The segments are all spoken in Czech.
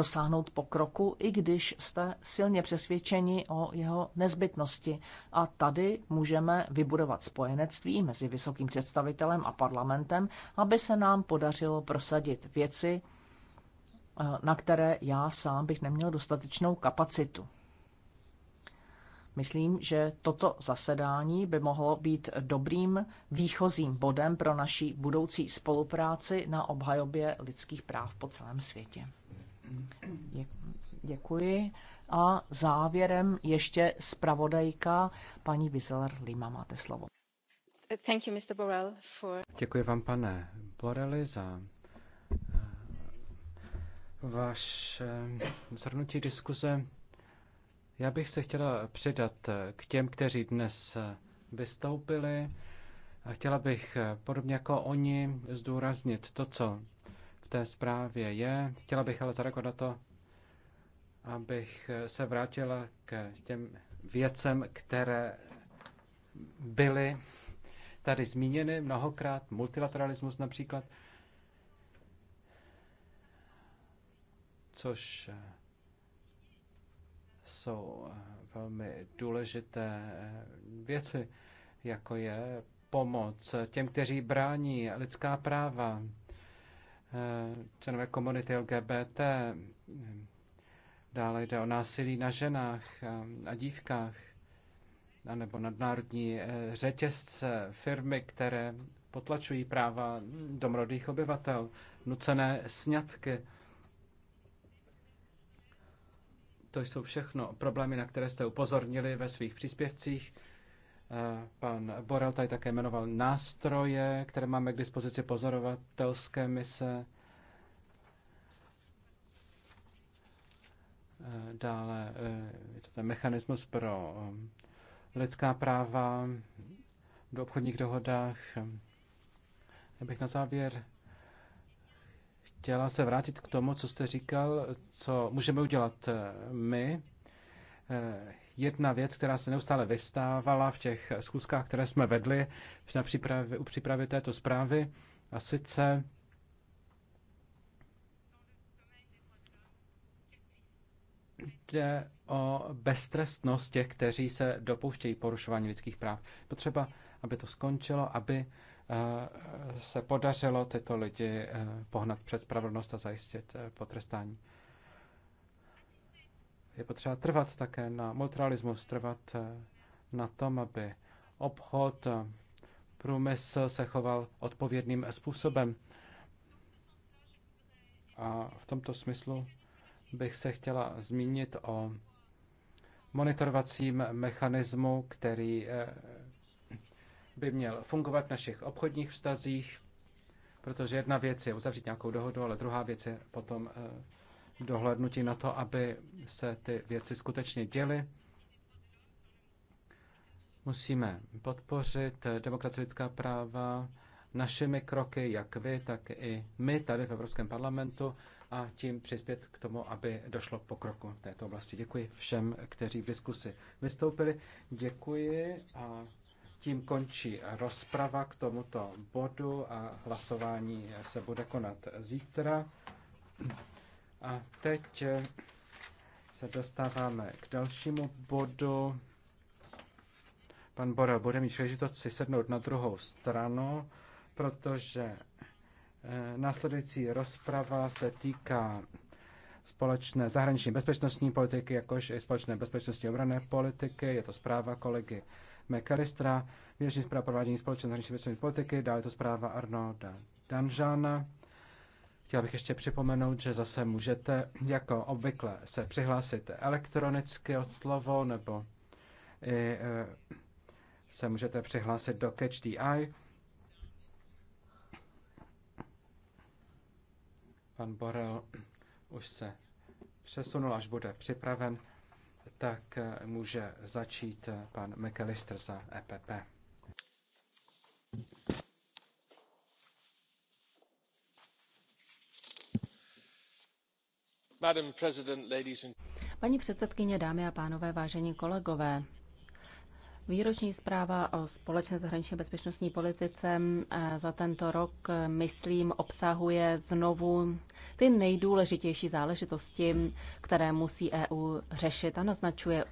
dosáhnout pokroku, i když jste silně přesvědčeni o jeho nezbytnosti. A tady můžeme vybudovat spojenectví mezi vysokým představitelem a parlamentem, aby se nám podařilo prosadit věci, eh, na které já sám bych neměl dostatečnou kapacitu. Myslím, že toto zasedání by mohlo být dobrým výchozím bodem pro naší budoucí spolupráci na obhajobě lidských práv po celém světě. Děkuji. A závěrem ještě zpravodajka paní Vizeler Lima. Máte slovo. Thank you, Mr. Borrell, for... Děkuji vám, pane Borelli, za eh, vaše zhrnutí diskuze. Já bych se chtěla přidat eh, k těm, kteří dnes eh, vystoupili. A chtěla bych podobně jako oni zdůraznit to, co té zprávě je. Chtěla bych ale zareagovat na to, abych se vrátila k těm věcem, které byly tady zmíněny mnohokrát, multilateralismus například, což jsou velmi důležité věci, jako je pomoc těm, kteří brání lidská práva, Eh, členové komunity LGBT. Dále jde o násilí na ženách a dívkách, anebo nadnárodní eh, řetězce, firmy, které potlačují práva domorodých obyvatel, nucené sňatky. To jsou všechno problémy, na které jste upozornili ve svých příspěvcích. Eh, pan Borel tady také jmenoval nástroje, které máme k dispozici pozorovatelské mise. Eh, dále eh, je to ten mechanismus pro lidská práva v obchodních dohodách. Já bych na závěr chtěla se vrátit k tomu, co jste říkal, co můžeme udělat my jedna věc, která se neustále vystávala v těch schůzkách, které jsme vedli na přípravě, u přípravy této zprávy, a sice jde o beztrestnost těch, kteří se dopouštějí porušování lidských práv. Potřeba, aby to skončilo, aby eh, se podařilo tyto lidi eh, pohnat před spravedlnost a zajistit eh, potrestání. Je potřeba trvat také na multilateralismus, trvat eh, na tom, aby obchod, eh, průmysl se choval odpovědným způsobem. A v tomto smyslu bych se chtěla zmínit o monitorovacím mechanismu, který eh, by měl fungovat v našich obchodních vztazích, protože jedna věc je uzavřít nějakou dohodu, ale druhá věc je potom dohlednutí na to, aby se ty věci skutečně děly. Musíme podpořit demokracie lidská práva našimi kroky, jak vy, tak i my tady v Evropském parlamentu a tím přispět k tomu, aby došlo k pokroku v této oblasti. Děkuji všem, kteří v diskusi vystoupili. Děkuji a tím končí rozprava k tomuto bodu a hlasování se bude konat zítra. A teď eh, se dostáváme k dalšímu bodu. Pan Borel bude mít příležitost si sednout na druhou stranu, protože eh, následující rozprava se týká společné zahraniční bezpečnostní politiky, jakož i společné bezpečnostní obrané politiky. Je to zpráva kolegy McAllistera, výroční zpráva provádění společné zahraniční bezpečnostní politiky, dále je to zpráva Arnolda Danžána Chtěl bych ještě připomenout, že zase můžete jako obvykle se přihlásit elektronicky od slovo nebo i, e, se můžete přihlásit do Catch the Eye. Pan Borel už se přesunul, až bude připraven, tak e, může začít e, pan McAllister za EPP. Paní předsedkyně, dámy a pánové, vážení kolegové, Výroční zpráva o společné zahraniční bezpečnostní politice eh, za tento rok, eh, myslím, obsahuje znovu ty nejdůležitější záležitosti, které musí EU řešit a naznačuje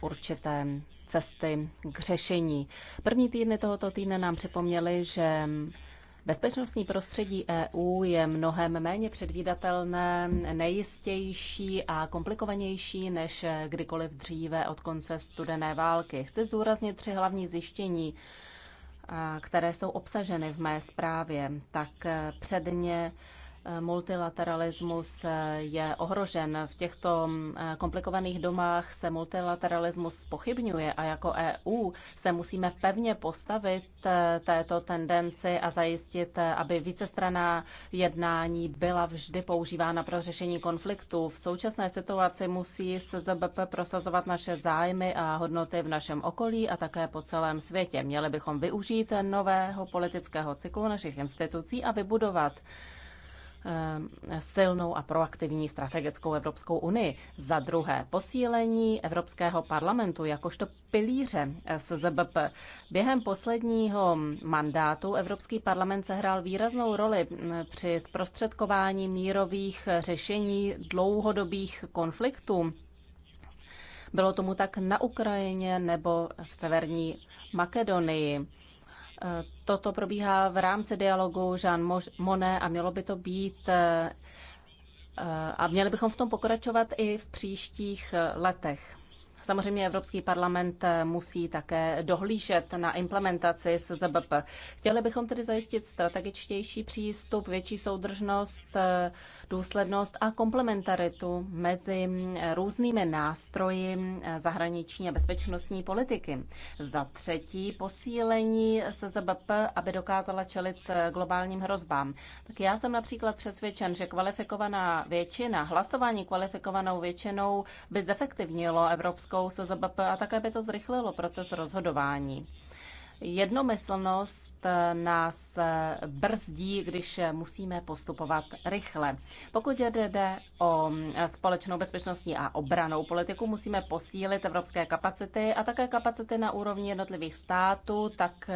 určité cesty k řešení. První týdny tohoto týdne nám připomněly, že Bezpečnostní prostředí EU je mnohem méně předvídatelné, nejistější a komplikovanější než kdykoliv dříve od konce studené války. Chci zdůraznit tři hlavní zjištění, které jsou obsaženy v mé zprávě. Tak předně multilateralismus je ohrožen. V těchto eh, komplikovaných domách se multilateralismus pochybňuje a jako EU se musíme pevně postavit eh, této tendenci a zajistit, eh, aby vícestraná jednání byla vždy používána pro řešení konfliktů. V současné situaci musí SZBP prosazovat naše zájmy a hodnoty v našem okolí a také po celém světě. Měli bychom využít nového politického cyklu našich institucí a vybudovat Eh, silnou a proaktivní strategickou Evropskou unii. Za druhé, posílení Evropského parlamentu jakožto pilíře SZBP. Během posledního mandátu Evropský parlament sehrál výraznou roli mm, při zprostředkování mírových řešení dlouhodobých konfliktů. Bylo tomu tak na Ukrajině nebo v severní Makedonii. Eh, toto probíhá v rámci dialogu Jean Monnet a mělo by to být eh, eh, a měli bychom v tom pokračovat i v příštích letech. Samozřejmě Evropský parlament eh, musí také dohlížet na implementaci SZBP. Chtěli bychom tedy zajistit strategičtější přístup, větší soudržnost, eh, důslednost a komplementaritu mezi eh, různými nástroji zahraniční a bezpečnostní politiky. Za třetí posílení SZBP, aby dokázala čelit globálním hrozbám. Tak já jsem například přesvědčen, že kvalifikovaná většina, hlasování kvalifikovanou většinou by zefektivnilo Evropskou Českou SZBP a také by to zrychlilo proces rozhodování. Jednomyslnost nás brzdí, když musíme postupovat rychle. Pokud jde o společnou bezpečnostní a obranou politiku, musíme posílit evropské kapacity a také kapacity na úrovni jednotlivých států, tak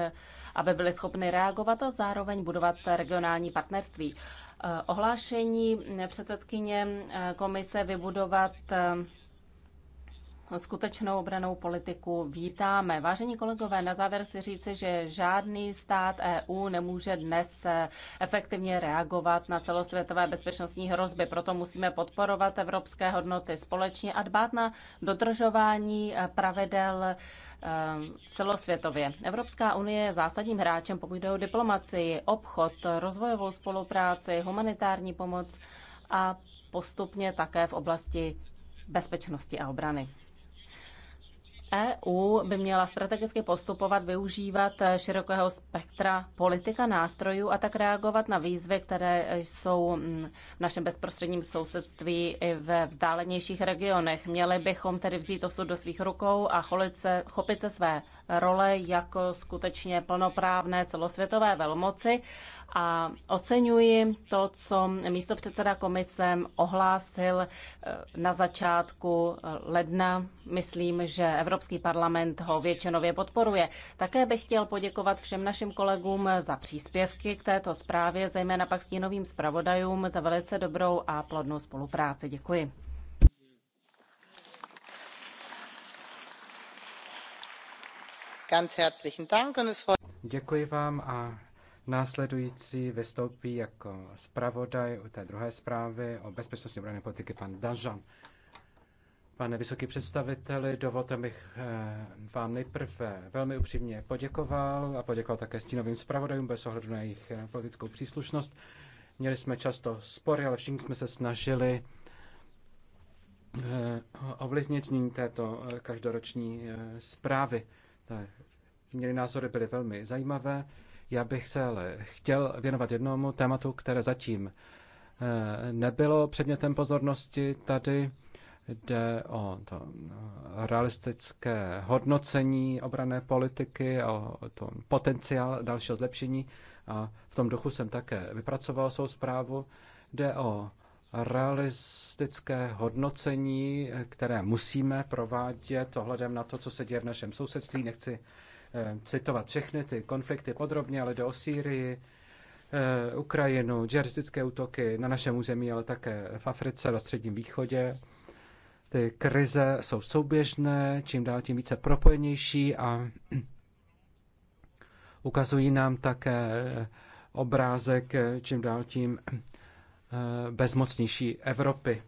aby byly schopny reagovat a zároveň budovat regionální partnerství. Ohlášení předsedkyně komise vybudovat skutečnou obranou politiku vítáme. Vážení kolegové, na závěr chci říci, že žádný stát EU nemůže dnes eh, efektivně reagovat na celosvětové bezpečnostní hrozby. Proto musíme podporovat evropské hodnoty společně a dbát na dodržování eh, pravidel eh, celosvětově. Evropská unie je zásadním hráčem, pokud jde o diplomacii, obchod, rozvojovou spolupráci, humanitární pomoc a postupně také v oblasti bezpečnosti a obrany. EU by měla strategicky postupovat, využívat eh, širokého spektra politika, nástrojů a tak reagovat na výzvy, které eh, jsou mm, v našem bezprostředním sousedství i ve vzdálenějších regionech. Měli bychom tedy vzít osud do svých rukou a se, chopit se své role jako skutečně plnoprávné celosvětové velmoci a oceňuji to, co místo předseda komisem ohlásil eh, na začátku eh, ledna. Myslím, že Evropský parlament ho většinově podporuje. Také bych chtěl poděkovat všem našim kolegům za příspěvky k této zprávě, zejména pak stínovým zpravodajům za velice dobrou a plodnou spolupráci. Děkuji. Děkuji vám a Následující vystoupí jako zpravodaj u té druhé zprávy o bezpečnosti obrané politiky pan Dažan. Pane vysoký představiteli, dovolte bych eh, vám nejprve velmi upřímně poděkoval a poděkoval také stínovým zpravodajům bez ohledu na jejich eh, politickou příslušnost. Měli jsme často spory, ale všichni jsme se snažili eh, ovlivnit znění této každoroční zprávy. Měli názory byly velmi zajímavé. Já bych se ale chtěl věnovat jednomu tématu, které zatím eh, nebylo předmětem pozornosti tady. Jde o to eh, realistické hodnocení obrané politiky, o to potenciál dalšího zlepšení. A v tom duchu jsem také vypracoval svou zprávu. Jde o realistické hodnocení, které musíme provádět ohledem na to, co se děje v našem sousedství. Nechci Eh, citovat všechny ty konflikty podrobně, ale jde o Sýrii, eh, Ukrajinu, džeristické útoky na našem území, ale také v Africe, na Středním východě. Ty krize jsou souběžné, čím dál tím více propojenější a ukazují nám také obrázek eh, čím dál tím bezmocnější Evropy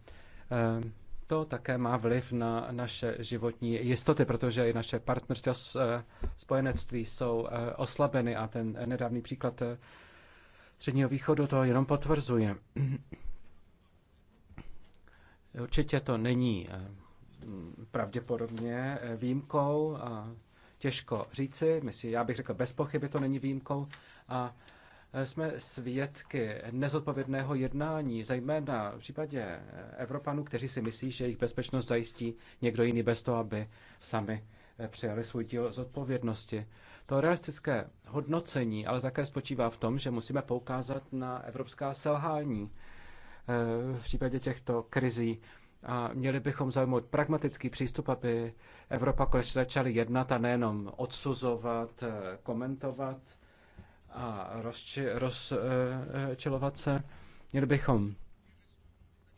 to také má vliv na naše životní jistoty, protože i naše partnerství a eh, spojenectví jsou eh, oslabeny a ten nedávný příklad eh, Středního východu to jenom potvrzuje. Určitě to není pravděpodobně výjimkou a těžko říci. Myslím, já bych řekl, bez pochyby to není výjimkou a Eh, jsme svědky nezodpovědného jednání, zejména v případě eh, Evropanů, kteří si myslí, že jejich bezpečnost zajistí někdo jiný bez toho, aby sami eh, přijali svůj díl zodpovědnosti. To realistické hodnocení ale také spočívá v tom, že musíme poukázat na evropská selhání v případě těchto krizí. A měli bychom zajmout pragmatický přístup, aby Evropa konečně začala jednat a nejenom odsuzovat, komentovat a rozči, eh, rozčilovat se. Měli bychom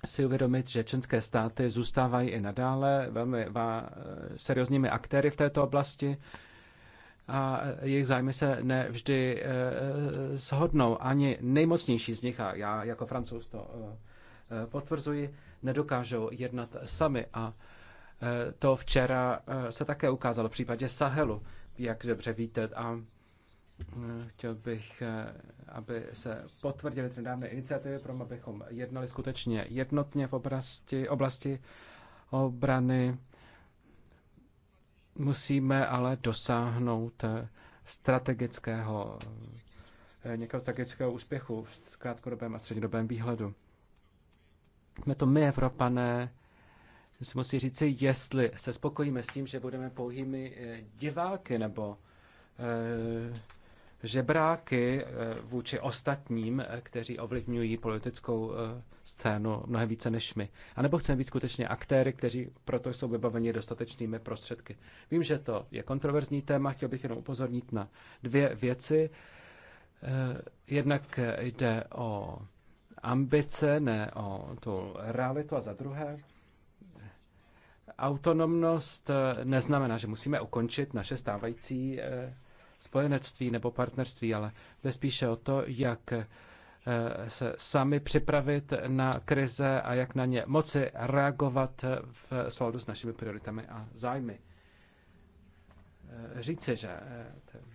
si uvědomit, že členské státy zůstávají i nadále velmi vá, eh, seriózními aktéry v této oblasti a jejich zájmy se nevždy eh, shodnou. Ani nejmocnější z nich, a já jako francouz to potvrzuji, nedokážou jednat sami. A to včera se také ukázalo v případě Sahelu, jak dobře víte. A Chtěl bych, eh, aby se potvrdily ty nedávné iniciativy, pro abychom jednali skutečně jednotně v oblasti, oblasti obrany. Musíme ale dosáhnout eh, strategického, eh, někoho strategického úspěchu v krátkodobém a střednědobém výhledu. Jsme to my, Evropané, si musí říci, jestli se spokojíme s tím, že budeme pouhými diváky nebo žebráky eh, vůči ostatním, eh, kteří ovlivňují politickou eh, scénu mnohem více než my. A nebo chceme být skutečně aktéry, kteří proto jsou vybaveni dostatečnými prostředky. Vím, že to je kontroverzní téma, chtěl bych jenom upozornit na dvě věci. Jednak jde o ambice, ne o tu realitu a za druhé autonomnost neznamená, že musíme ukončit naše stávající spojenectví nebo partnerství, ale jde spíše o to, jak eh, se sami připravit na krize a jak na ně moci reagovat eh, v souladu s našimi prioritami a zájmy. Eh, říci, že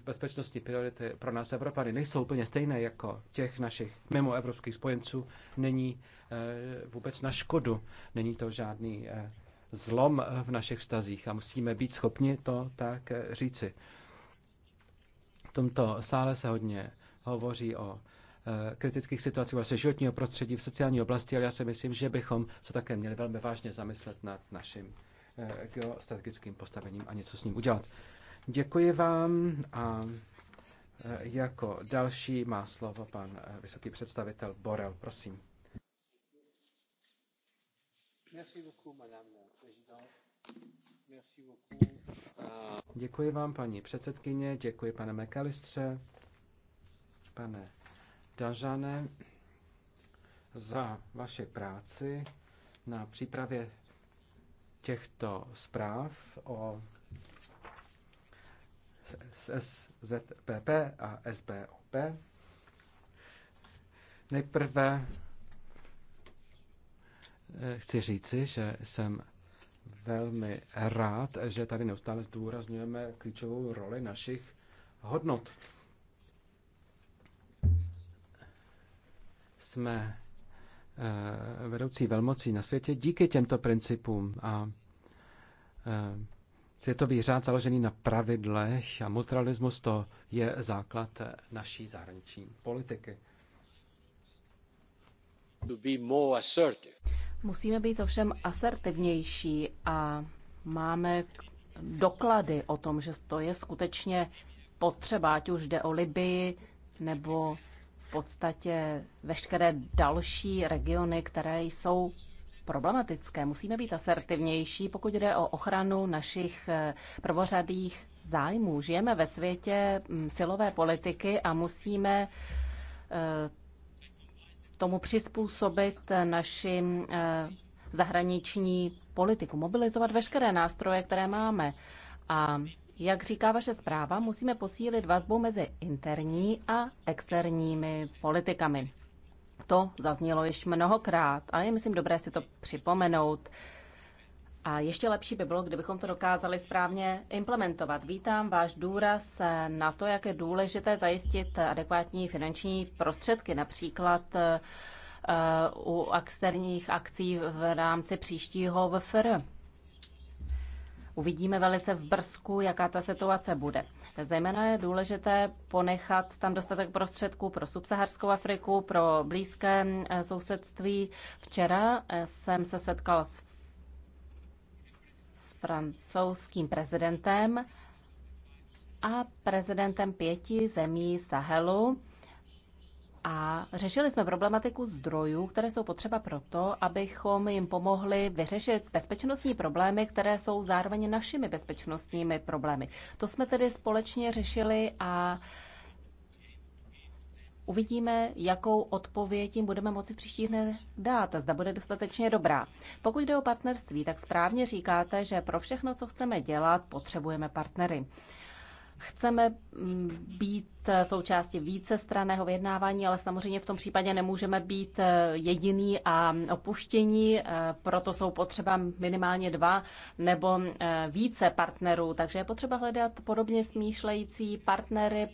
bezpečnostní priority pro nás Evropany nejsou úplně stejné jako těch našich mimoevropských spojenců, není vůbec na škodu. Není to žádný zlom v našich vztazích a musíme být schopni to tak říci tomto sále se hodně hovoří o e, kritických situací vlastně životního prostředí v sociální oblasti, ale já si myslím, že bychom se také měli velmi vážně zamyslet nad naším e, geostrategickým postavením a něco s ním udělat. Děkuji vám a e, jako další má slovo pan vysoký představitel Borel, prosím. Děkuji vám, paní předsedkyně, děkuji pane Mekalistře, pane Dažane, za vaše práci na přípravě těchto zpráv o SZPP a SBOP. Nejprve eh, chci říci, že jsem velmi rád, že tady neustále zdůrazňujeme klíčovou roli našich hodnot. Jsme eh, vedoucí velmocí na světě díky těmto principům a eh, světový řád založený na pravidlech a mutralismus to je základ naší zahraniční politiky. Musíme být ovšem asertivnější a máme doklady o tom, že to je skutečně potřeba, ať už jde o Libii nebo v podstatě veškeré další regiony, které jsou problematické. Musíme být asertivnější, pokud jde o ochranu našich eh, prvořadých zájmů. Žijeme ve světě mm, silové politiky a musíme eh, tomu přizpůsobit naši eh, zahraniční politiku, mobilizovat veškeré nástroje, které máme. A jak říká vaše zpráva, musíme posílit vazbu mezi interní a externími politikami. To zaznělo již mnohokrát a je, myslím, dobré si to připomenout. A ještě lepší by bylo, kdybychom to dokázali správně implementovat. Vítám váš důraz na to, jak je důležité zajistit adekvátní finanční prostředky, například eh, u externích akcí v rámci příštího VFR. Uvidíme velice v Brzku, jaká ta situace bude. Zejména je důležité ponechat tam dostatek prostředků pro subsaharskou Afriku, pro blízké eh, sousedství. Včera eh, jsem se setkal s francouzským prezidentem a prezidentem pěti zemí Sahelu a řešili jsme problematiku zdrojů, které jsou potřeba proto, abychom jim pomohli vyřešit bezpečnostní problémy, které jsou zároveň našimi bezpečnostními problémy. To jsme tedy společně řešili a Uvidíme, jakou odpověď jim budeme moci příští dne dát zda bude dostatečně dobrá. Pokud jde o partnerství, tak správně říkáte, že pro všechno, co chceme dělat, potřebujeme partnery. Chceme mm, být eh, součástí straného vyjednávání, ale samozřejmě v tom případě nemůžeme být eh, jediný a opuštění, eh, proto jsou potřeba minimálně dva nebo více partnerů. Takže je potřeba hledat podobně smýšlející partnery,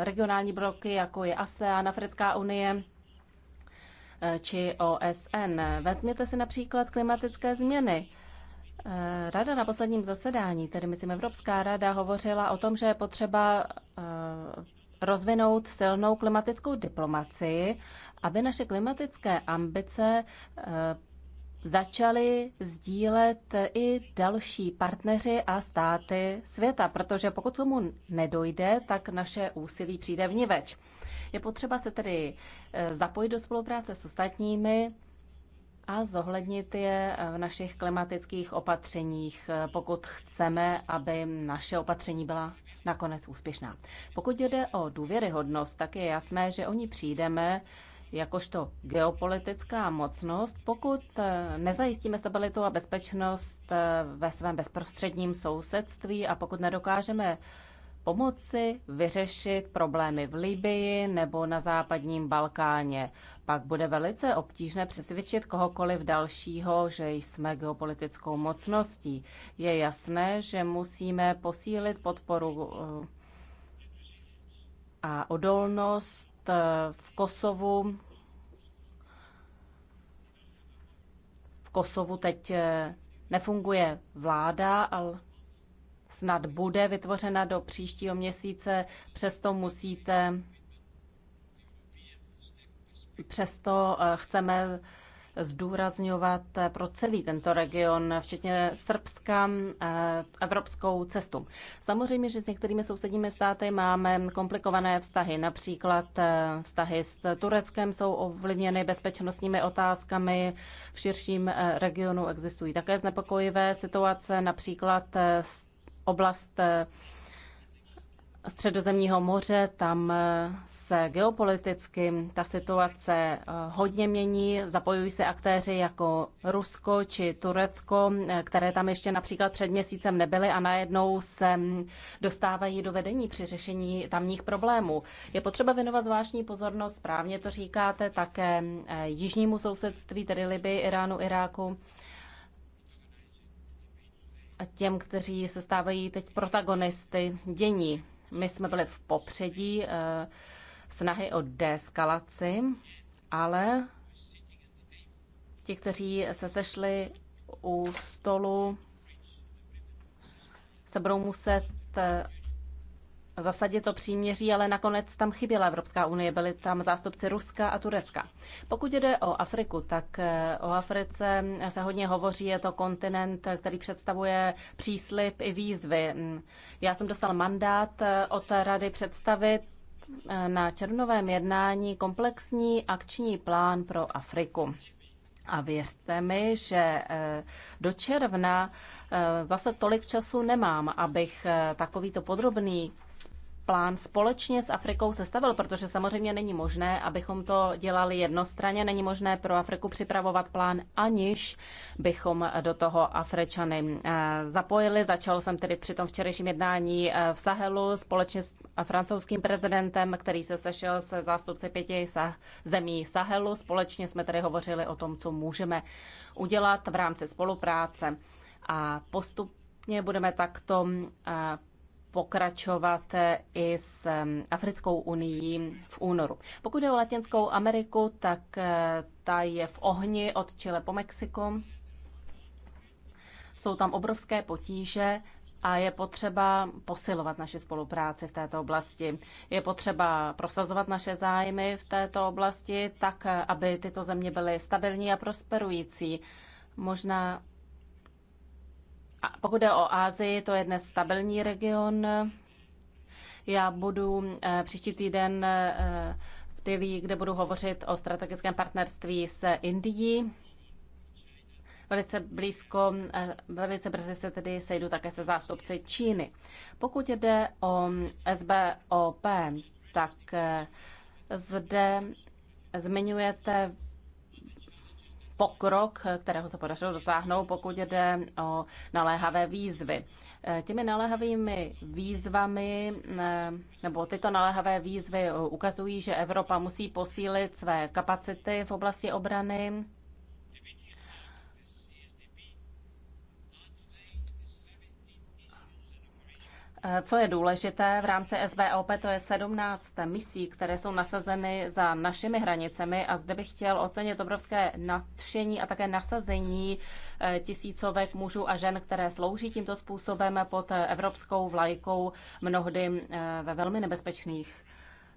regionální bloky, jako je ASEAN, Africká unie, či OSN. Vezměte si například klimatické změny. Eh, rada na posledním zasedání, tedy myslím Evropská rada, hovořila o tom, že je potřeba eh, rozvinout silnou klimatickou diplomaci, aby naše klimatické ambice eh, začaly sdílet i další partneři a státy světa, protože pokud tomu nedojde, tak naše úsilí přijde vniveč. Je potřeba se tedy zapojit do spolupráce s ostatními a zohlednit je v našich klimatických opatřeních, pokud chceme, aby naše opatření byla nakonec úspěšná. Pokud jde o důvěryhodnost, tak je jasné, že o ní přijdeme jakožto geopolitická mocnost, pokud eh, nezajistíme stabilitu a bezpečnost eh, ve svém bezprostředním sousedství a pokud nedokážeme pomoci vyřešit problémy v Libii nebo na západním Balkáně. Pak bude velice obtížné přesvědčit kohokoliv dalšího, že jsme geopolitickou mocností. Je jasné, že musíme posílit podporu eh, a odolnost eh, v Kosovu. V Kosovu teď eh, nefunguje vláda, ale snad bude vytvořena do příštího měsíce, přesto musíte, přesto eh, chceme zdůrazňovat eh, pro celý tento region, včetně Srbska, eh, evropskou cestu. Samozřejmě, že s některými sousedními státy máme komplikované vztahy. Například vztahy s Tureckem jsou ovlivněny bezpečnostními otázkami. V širším regionu existují také znepokojivé situace, například s oblast eh, Středozemního moře, tam eh, se geopoliticky ta situace eh, hodně mění. Zapojují se aktéři jako Rusko či Turecko, které tam ještě například před měsícem nebyly a najednou se hm, dostávají do vedení při řešení tamních problémů. Je potřeba věnovat zvláštní pozornost, správně to říkáte, také jižnímu sousedství, tedy Libii, Iránu, Iráku těm, kteří se stávají teď protagonisty dění. My jsme byli v popředí eh, snahy o deeskalaci, ale ti, kteří se sešli u stolu, se budou muset eh, zasadě to příměří, ale nakonec tam chyběla Evropská unie, byli tam zástupci Ruska a Turecka. Pokud jde o Afriku, tak eh, o Africe se hodně hovoří, je to kontinent, eh, který představuje příslip i výzvy. Mm, já jsem dostal mandát eh, od rady představit na červnovém jednání komplexní akční plán pro Afriku. A věřte mi, že do června zase tolik času nemám, abych takovýto podrobný plán společně s Afrikou sestavil, protože samozřejmě není možné, abychom to dělali jednostranně, není možné pro Afriku připravovat plán, aniž bychom do toho Afričany eh, zapojili. Začal jsem tedy při tom včerejším jednání eh, v Sahelu společně s francouzským prezidentem, který se sešel se zástupci pěti zemí Sahelu. Společně jsme tedy hovořili o tom, co můžeme udělat v rámci spolupráce a postupně budeme takto eh, pokračovat i s Africkou unii v únoru. Pokud jde o Latinskou Ameriku, tak eh, ta je v ohni od Chile po Mexiku. Jsou tam obrovské potíže a je potřeba posilovat naše spolupráci v této oblasti. Je potřeba prosazovat naše zájmy v této oblasti tak, eh, aby tyto země byly stabilní a prosperující. Možná pokud jde o Ázii, to je dnes stabilní region. Já budu eh, příští týden eh, v Dili, kde budu hovořit o strategickém partnerství s Indií. Velice blízko, eh, velice brzy se tedy sejdu také se zástupci Číny. Pokud jde o SBOP, tak zde zmiňujete pokrok, kterého se podařilo dosáhnout, pokud jde o naléhavé výzvy. Těmi naléhavými výzvami, nebo tyto naléhavé výzvy ukazují, že Evropa musí posílit své kapacity v oblasti obrany, co je důležité v rámci SBOP, to je 17 misí, které jsou nasazeny za našimi hranicemi a zde bych chtěl ocenit obrovské nadšení a také nasazení eh, tisícovek mužů a žen, které slouží tímto způsobem pod evropskou vlajkou mnohdy eh, ve velmi nebezpečných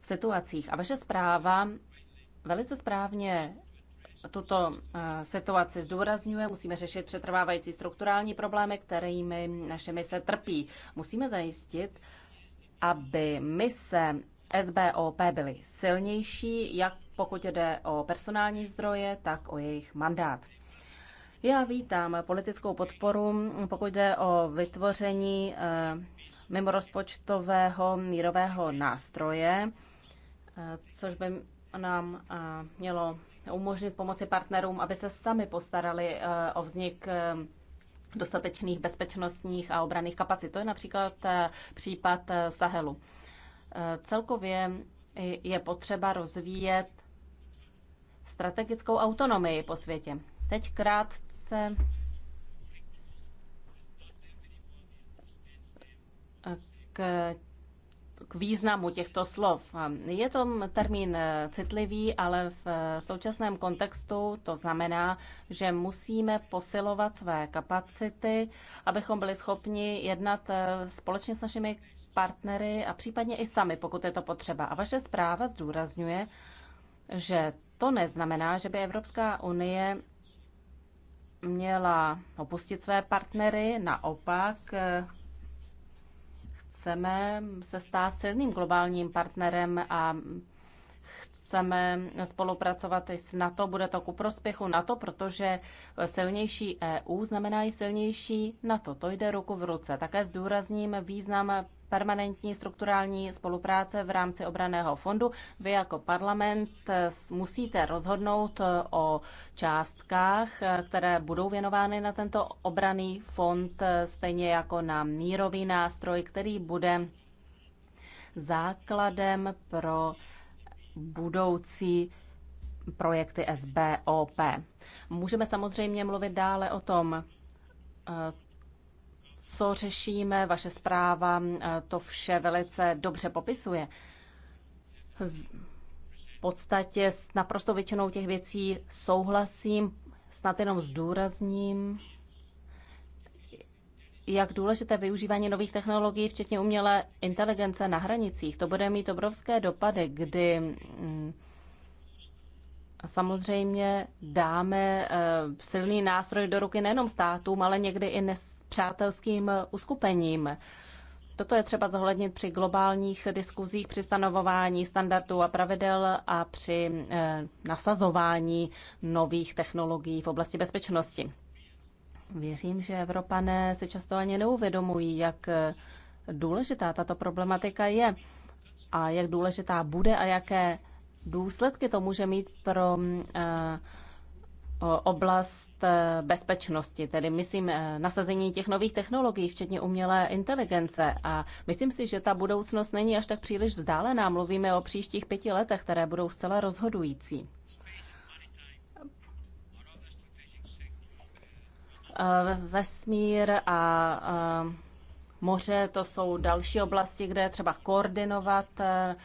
situacích. A vaše zpráva velice správně tuto eh, situaci zdůrazňuje, musíme řešit přetrvávající strukturální problémy, kterými naše mise trpí. Musíme zajistit, aby mise SBOP byly silnější, jak pokud jde o personální zdroje, tak o jejich mandát. Já vítám politickou podporu, pokud jde o vytvoření eh, mimorozpočtového mírového nástroje, eh, což by nám mělo umožnit pomoci partnerům, aby se sami postarali eh, o vznik eh, dostatečných bezpečnostních a obraných kapacit. To je například eh, případ Sahelu. Celkově je potřeba rozvíjet strategickou autonomii po světě. Teď krátce k k významu těchto slov. Je to termín eh, citlivý, ale v eh, současném kontextu to znamená, že musíme posilovat své kapacity, abychom byli schopni jednat eh, společně s našimi partnery a případně i sami, pokud je to potřeba. A vaše zpráva zdůrazňuje, že to neznamená, že by Evropská unie měla opustit své partnery, naopak chceme se stát silným globálním partnerem a chceme spolupracovat i s NATO. Bude to ku prospěchu NATO, protože silnější EU znamená i silnější NATO. To jde ruku v ruce. Také zdůrazním význam permanentní strukturální spolupráce v rámci obraného fondu. Vy jako parlament musíte rozhodnout o částkách, které budou věnovány na tento obraný fond, stejně jako na mírový nástroj, který bude základem pro budoucí projekty SBOP. Můžeme samozřejmě mluvit dále o tom, eh, co řešíme. Vaše zpráva eh, to vše velice dobře popisuje. V podstatě s naprosto většinou těch věcí souhlasím, snad jenom zdůrazním, jak důležité využívání nových technologií, včetně umělé inteligence na hranicích. To bude mít obrovské dopady, kdy mm, samozřejmě dáme eh, silný nástroj do ruky nejenom státům, ale někdy i přátelským uskupením. Toto je třeba zohlednit při globálních diskuzích, při stanovování standardů a pravidel a při eh, nasazování nových technologií v oblasti bezpečnosti. Věřím, že Evropané se často ani neuvědomují, jak důležitá tato problematika je a jak důležitá bude a jaké důsledky to může mít pro eh, oblast eh, bezpečnosti, tedy myslím eh, nasazení těch nových technologií, včetně umělé inteligence. A myslím si, že ta budoucnost není až tak příliš vzdálená. Mluvíme o příštích pěti letech, které budou zcela rozhodující. Eh, vesmír a eh, moře, to jsou další oblasti, kde je třeba koordinovat eh,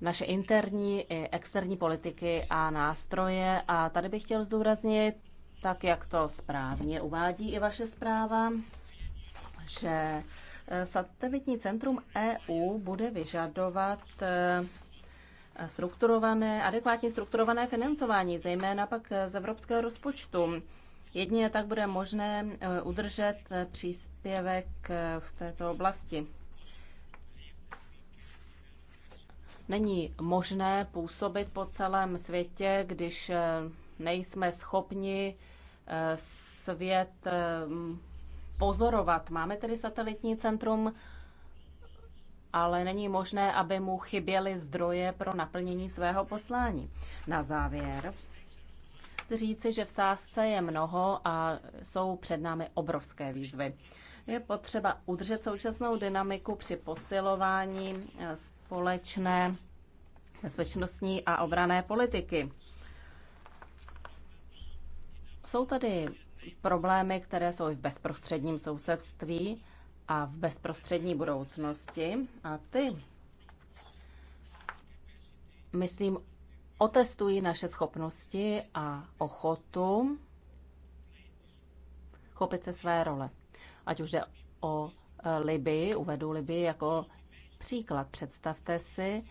naše interní i externí politiky a nástroje. A tady bych chtěl zdůraznit, tak jak to správně uvádí i vaše zpráva, že satelitní centrum EU bude vyžadovat strukturované, adekvátně strukturované financování, zejména pak z evropského rozpočtu. Jedině tak bude možné eh, udržet eh, příspěvek eh, v této oblasti. Není možné působit po celém světě, když nejsme schopni svět pozorovat. Máme tedy satelitní centrum, ale není možné, aby mu chyběly zdroje pro naplnění svého poslání. Na závěr Chci říci, že v sázce je mnoho a jsou před námi obrovské výzvy. Je potřeba udržet současnou dynamiku při posilování eh, společné bezpečnostní a obrané politiky. Jsou tady problémy, které jsou i v bezprostředním sousedství a v bezprostřední budoucnosti. A ty, myslím, otestují naše schopnosti a ochotu chopit se své role. Ať už jde o e, Libii, uvedu Libii jako příklad. Představte si,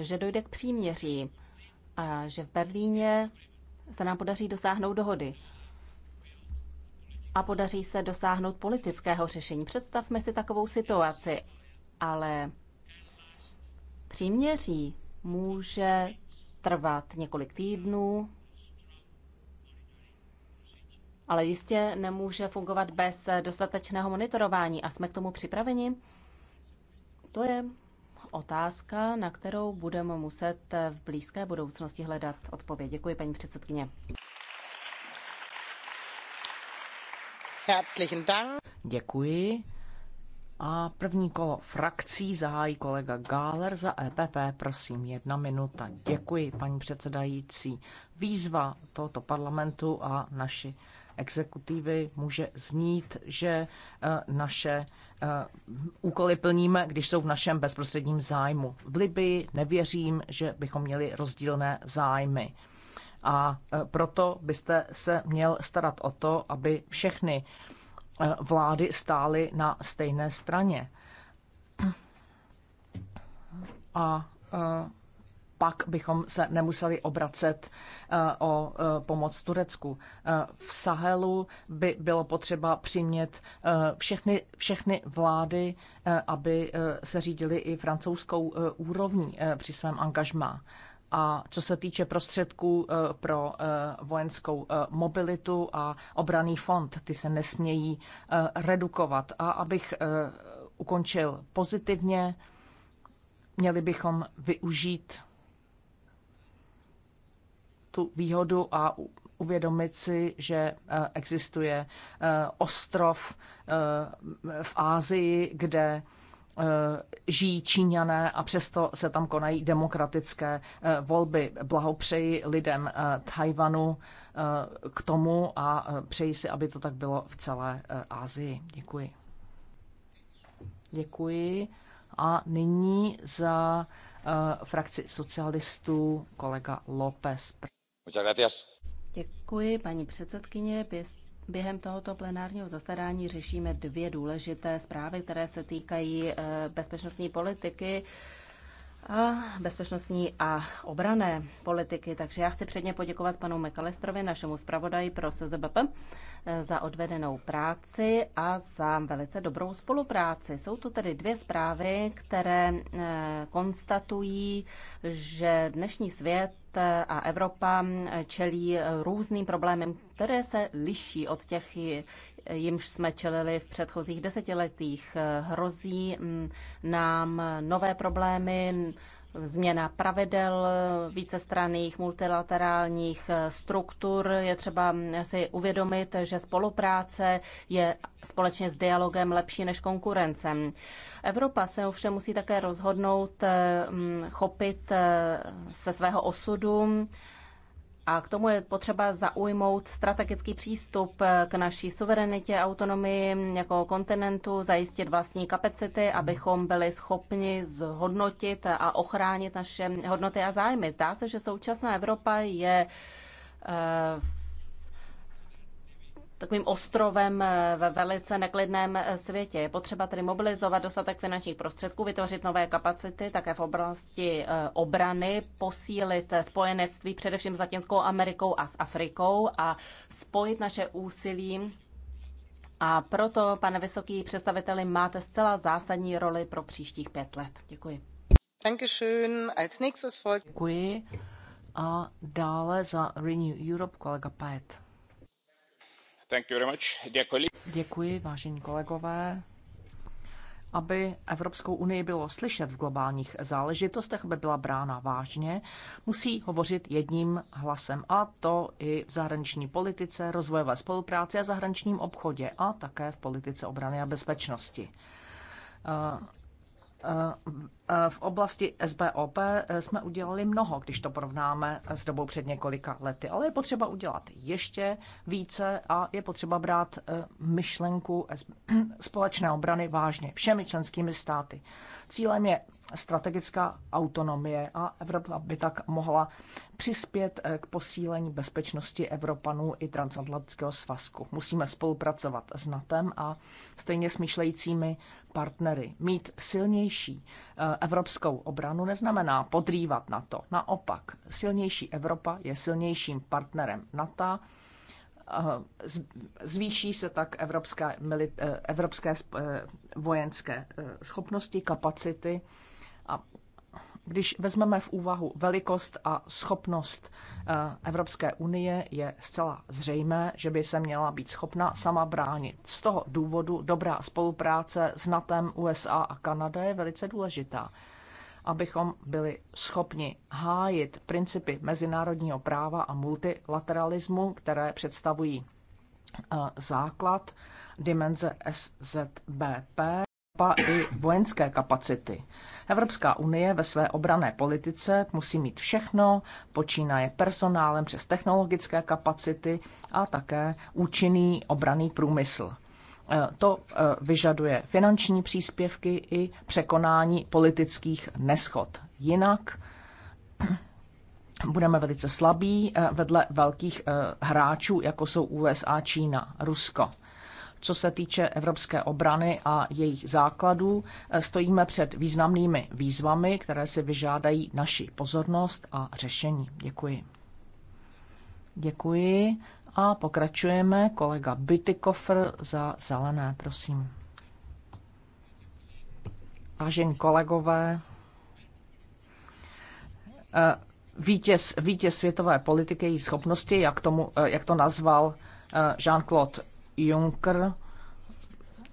že dojde k příměří a že v Berlíně se nám podaří dosáhnout dohody a podaří se dosáhnout politického řešení. Představme si takovou situaci, ale příměří může trvat několik týdnů, ale jistě nemůže fungovat bez dostatečného monitorování. A jsme k tomu připraveni? To je otázka, na kterou budeme muset v blízké budoucnosti hledat odpověď. Děkuji, paní předsedkyně. Herzlichen Dank. Děkuji. A první kolo frakcí zahájí kolega Gáler za EPP. Prosím, jedna minuta. Děkuji, paní předsedající. Výzva tohoto parlamentu a naši exekutivy může znít, že e, naše e, úkoly plníme, když jsou v našem bezprostředním zájmu. V Libii nevěřím, že bychom měli rozdílné zájmy. A e, proto byste se měl starat o to, aby všechny Eh, vlády stály na stejné straně. A eh, pak bychom se nemuseli obracet eh, o pomoc Turecku. V Sahelu by bylo potřeba přimět všechny, všechny vlády, aby se řídily i francouzskou úrovní při svém angažmá a co se týče prostředků eh, pro eh, vojenskou eh, mobilitu a obraný fond, ty se nesmějí redukovat. A abych ukončil pozitivně, měli bychom využít tu výhodu a uvědomit si, že existuje ostrov v Ázii, kde Eh, žijí Číňané a přesto se tam konají demokratické eh, volby. Blahopřeji lidem eh, Tajvanu k tomu a přeji si, aby to tak bylo v celé Asii. Děkuji. Děkuji. A nyní za frakci socialistů kolega López. Děkuji, paní předsedkyně. Pěst Během tohoto plenárního zasedání řešíme dvě důležité zprávy, které se týkají eh, bezpečnostní politiky a bezpečnostní a obrané politiky. Takže já chci předně poděkovat panu McAllisterovi, našemu zpravodaji pro SZBP, za odvedenou práci a za velice dobrou spolupráci. Jsou to tedy dvě zprávy, které eh, konstatují, že dnešní svět eh, a Evropa eh, čelí různým problémům, které se liší od těch jimž jsme čelili v předchozích desetiletích. Hrozí mm, nám nové problémy, změna pravidel vícestranných multilaterálních struktur. Je třeba si uvědomit, že spolupráce je společně s dialogem lepší než konkurencem. Evropa se ovšem musí také rozhodnout mm, chopit eh, se svého osudu a k tomu je potřeba zaujmout strategický přístup k naší suverenitě, autonomii jako kontinentu, zajistit vlastní kapacity, abychom byli schopni zhodnotit a ochránit naše hodnoty a zájmy. Zdá se, že současná Evropa je v eh, takovým ostrovem eh, ve velice neklidném eh, světě. Je potřeba tedy mobilizovat dostatek finančních prostředků, vytvořit nové kapacity také v oblasti eh, obrany, posílit spojenectví především s Latinskou Amerikou a s Afrikou a spojit naše úsilí. A proto, pane vysoký představiteli, máte zcela zásadní roli pro příštích pět let. Děkuji. Děkuji. A dále za Renew Europe kolega Pajet. Děkuji. Děkuji, vážení kolegové. Aby Evropskou unii bylo slyšet v globálních záležitostech, aby byla brána vážně, musí hovořit jedním hlasem, a to i v zahraniční politice, rozvojové spolupráci a zahraničním obchodě, a také v politice obrany a bezpečnosti. Eh, eh, v oblasti SBOP eh, jsme udělali mnoho, když to porovnáme s dobou před několika lety, ale je potřeba udělat ještě více a je potřeba brát myšlenku společné obrany vážně všemi členskými státy. Cílem je strategická autonomie a Evropa by tak mohla přispět eh, k posílení bezpečnosti Evropanů i transatlantického svazku. Musíme spolupracovat s NATEM a stejně smýšlejícími partnery. Mít silnější eh, evropskou obranu neznamená podrývat NATO. Naopak, silnější Evropa je silnějším partnerem NATO eh, zvýší se tak evropské, evropské vojenské schopnosti, kapacity a když vezmeme v úvahu velikost a schopnost eh, Evropské unie, je zcela zřejmé, že by se měla být schopna sama bránit. Z toho důvodu dobrá spolupráce s NATEM, USA a Kanada je velice důležitá, abychom byli schopni hájit principy mezinárodního práva a multilateralismu, které představují eh, základ dimenze SZBP Evropa i vojenské kapacity. Evropská unie ve své obrané politice musí mít všechno, počínaje personálem přes technologické kapacity a také účinný obraný průmysl. E, to e, vyžaduje finanční příspěvky i překonání politických neschod. Jinak budeme velice slabí e, vedle velkých hráčů, jako jsou USA, Čína, Rusko co se týče evropské obrany a jejich základů, eh, stojíme před významnými výzvami, které si vyžádají naši pozornost a řešení. Děkuji. Děkuji a pokračujeme. Kolega Bytykofr za zelené, prosím. Vážení kolegové, eh, vítěz, vítěz světové politiky, její schopnosti, jak, tomu, eh, jak to nazval Jean-Claude Juncker.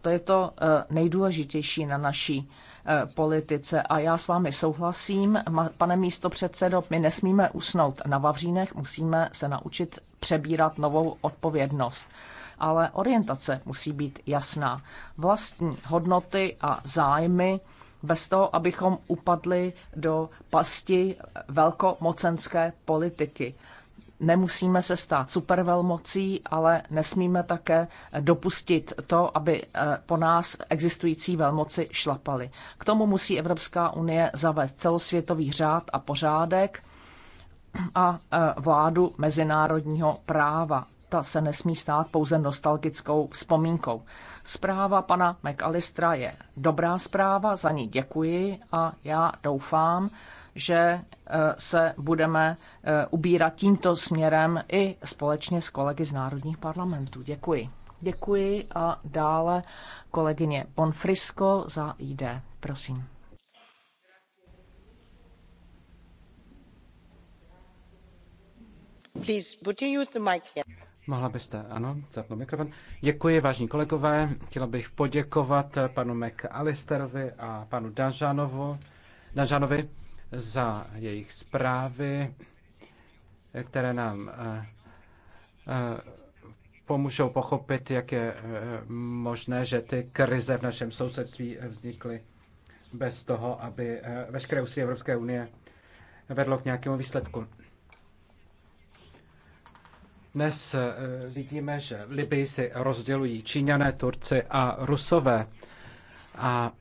To je to eh, nejdůležitější na naší eh, politice. A já s vámi souhlasím, pane místo předsedo, my nesmíme usnout na Vavřínech, musíme se naučit přebírat novou odpovědnost. Ale orientace musí být jasná. Vlastní hodnoty a zájmy bez toho, abychom upadli do pasti velkomocenské politiky. Nemusíme se stát supervelmocí, ale nesmíme také dopustit to, aby eh, po nás existující velmoci šlapaly. K tomu musí Evropská unie zavést celosvětový řád a pořádek a eh, vládu mezinárodního práva. Ta se nesmí stát pouze nostalgickou vzpomínkou. Zpráva pana McAllistra je dobrá zpráva, za ní děkuji a já doufám, že eh, se budeme eh, ubírat tímto směrem i společně s kolegy z národních parlamentů. Děkuji. Děkuji a dále kolegyně Bonfrisko za ID. Prosím. Please, would you use the mic here? Mohla byste, ano, zapnout mikrofon. Děkuji, vážní kolegové. Chtěla bych poděkovat panu McAllisterovi a panu Danžanovu, Danžanovi za jejich zprávy, které nám eh, eh, pomůžou pochopit, jak je eh, možné, že ty krize v našem sousedství vznikly bez toho, aby veškeré úsilí Evropské unie vedlo k nějakému výsledku. Dnes vidíme, že Libii si rozdělují Číňané, Turci a Rusové. A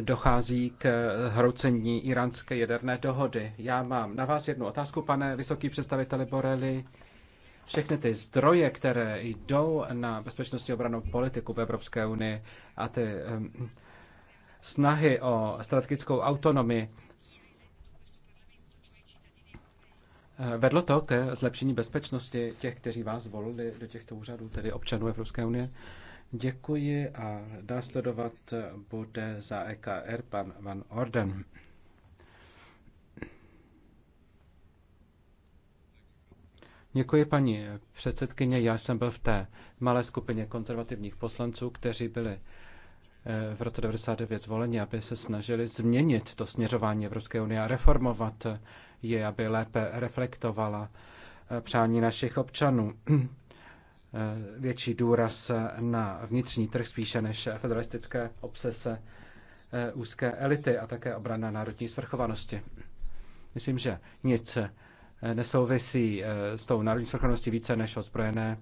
dochází k hroucení iránské jaderné dohody. Já mám na vás jednu otázku, pane vysoký představiteli Borelli. Všechny ty zdroje, které jdou na bezpečnostní obranou politiku v Evropské unii a ty ehm, snahy o strategickou autonomii, eh, Vedlo to ke zlepšení bezpečnosti těch, kteří vás volili do těchto úřadů, tedy občanů Evropské unie? Děkuji a následovat bude za EKR pan Van Orden. Děkuji, paní předsedkyně. Já jsem byl v té malé skupině konzervativních poslanců, kteří byli eh, v roce 99 zvoleni, aby se snažili změnit to směřování Evropské unie a reformovat je, aby lépe reflektovala eh, přání našich občanů. Eh, větší důraz na vnitřní trh spíše než federalistické obsese eh, úzké elity a také obrana národní svrchovanosti. Myslím, že nic eh, nesouvisí s tou národní svrchovaností více než ozbrojené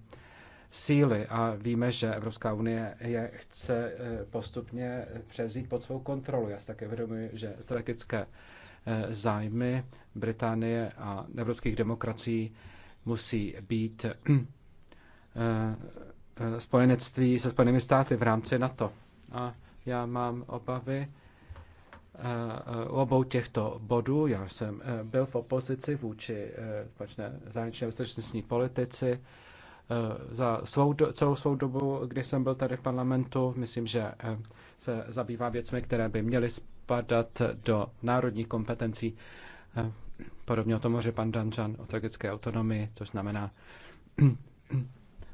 síly a víme, že Evropská unie je chce postupně převzít pod svou kontrolu. Já si také vědomuji, že strategické zájmy Británie a evropských demokracií musí být Eh, eh, spojenectví se Spojenými státy v rámci NATO. A já mám obavy eh, u obou těchto bodů. Já jsem byl v opozici vůči společné zahraniční bezpečnostní politici za svou do, celou svou dobu, kdy jsem byl tady v parlamentu. Myslím, že se zabývá věcmi, které by měly spadat do národních kompetencí. Podobně o tom hoře pan Danžan o tragické autonomii, což znamená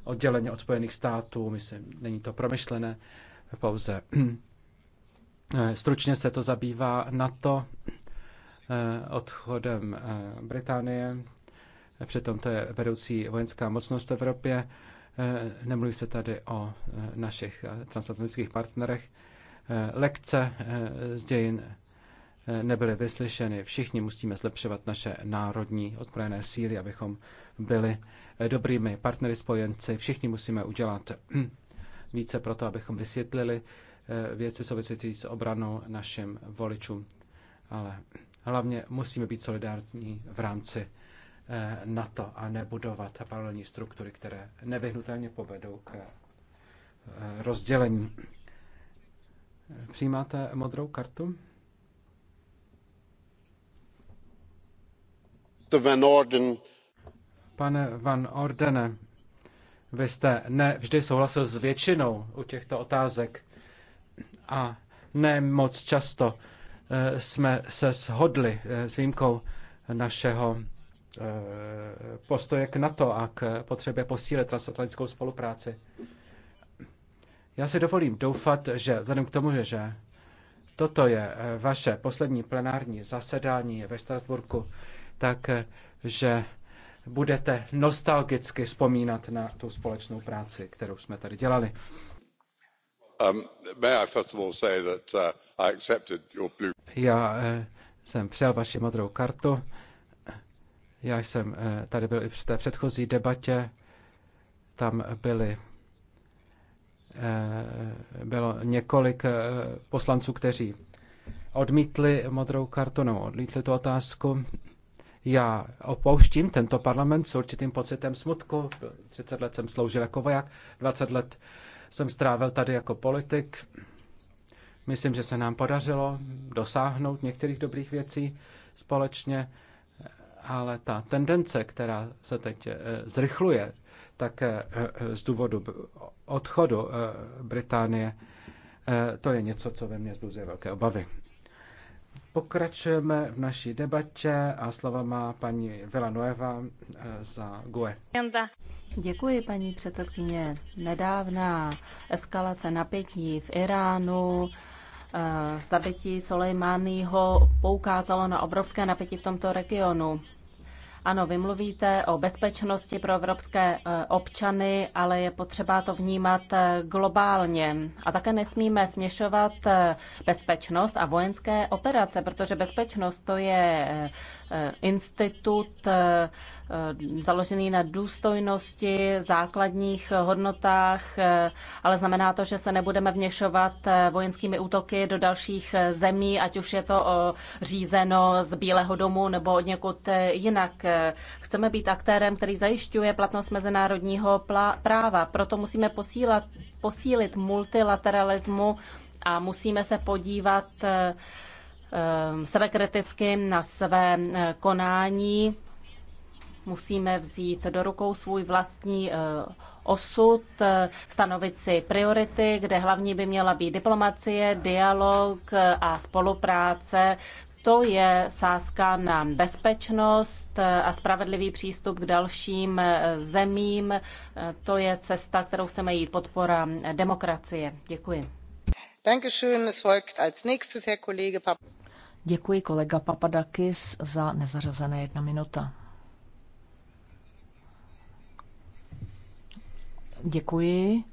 odděleně od Spojených států, myslím, není to promyšlené pouze. Eh, stručně se to zabývá NATO eh, odchodem eh, Británie, přitom to je vedoucí vojenská mocnost v Evropě. Nemluví se tady o našich transatlantických partnerech. Lekce z dějin nebyly vyslyšeny. Všichni musíme zlepšovat naše národní odbrojené síly, abychom byli eh, dobrými partnery, spojenci. Všichni musíme udělat hm, více pro to, abychom vysvětlili eh, věci související s obranou našim voličům. Ale hlavně musíme být solidární v rámci eh, NATO a nebudovat paralelní struktury, které nevyhnutelně povedou k rozdělení. Přijímáte modrou kartu? Pane Van Ordene, vy jste ne vždy souhlasil s většinou u těchto otázek a ne moc často eh, jsme se shodli eh, s výjimkou našeho eh, postoje k NATO a k potřebě posílit transatlantickou spolupráci. Já si dovolím doufat, že vzhledem k tomu, že toto je vaše poslední plenární zasedání ve Štrasburku, tak že budete nostalgicky vzpomínat na tu společnou práci, kterou jsme tady dělali. Um, uh, Já eh, jsem přijal vaši modrou kartu. Já jsem eh, tady byl i při té předchozí debatě. Tam byly eh, bylo několik poslanců, kteří odmítli modrou kartu nebo odmítli tu otázku. Já opouštím tento parlament s určitým pocitem smutku. 30 let jsem sloužil jako voják, 20 let jsem strávil tady jako politik. Myslím, že se nám podařilo dosáhnout některých dobrých věcí společně, ale ta tendence, která se teď eh, zrychluje, tak eh, eh, z důvodu odchodu Británie, to je něco, co ve mně zbuzuje velké obavy. Pokračujeme v naší debatě a slova má paní Villanueva eh, za GUE. Děkuji, paní předsedkyně. Nedávná eskalace napětí v Iránu eh, zabití Soleimányho poukázalo na obrovské napětí v tomto regionu. Ano, vy mluvíte o bezpečnosti pro evropské e, občany, ale je potřeba to vnímat e, globálně. A také nesmíme směšovat e, bezpečnost a vojenské operace, protože bezpečnost to je Eh, institut eh, eh, založený na důstojnosti, základních hodnotách, ale znamená to, že se nebudeme vněšovat vojenskými útoky do dalších zemí, ať už je to řízeno z Bílého domu nebo od někud jinak. Chceme být aktérem, který zajišťuje platnost mezinárodního práva, proto musíme posílat, posílit multilateralismu a musíme se podívat Eh, sebekriticky na své eh, konání. Musíme vzít do rukou svůj vlastní eh, osud, stanovit si priority, kde hlavní by měla být diplomacie, dialog a spolupráce. To je sázka na bezpečnost a spravedlivý přístup k dalším zemím. To je cesta, kterou chceme jít podpora demokracie. Děkuji. Dankeschön. Es folgt als nächstes Herr Kollege Děkuji kolega Papadakis za nezařazené jedna minuta. Děkuji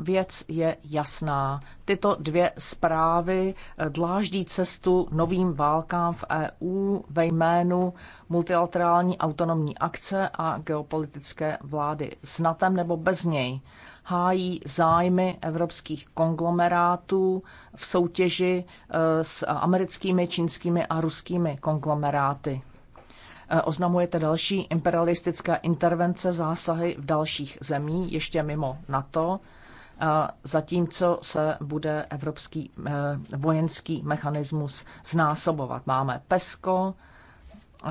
věc je jasná. Tyto dvě zprávy eh, dláždí cestu novým válkám v EU ve jménu multilaterální autonomní akce a geopolitické vlády. S NATO nebo bez něj hájí zájmy evropských konglomerátů v soutěži eh, s americkými, čínskými a ruskými konglomeráty eh, oznamujete další imperialistické intervence, zásahy v dalších zemí, ještě mimo NATO zatímco se bude evropský eh, vojenský mechanismus znásobovat. Máme PESCO, eh,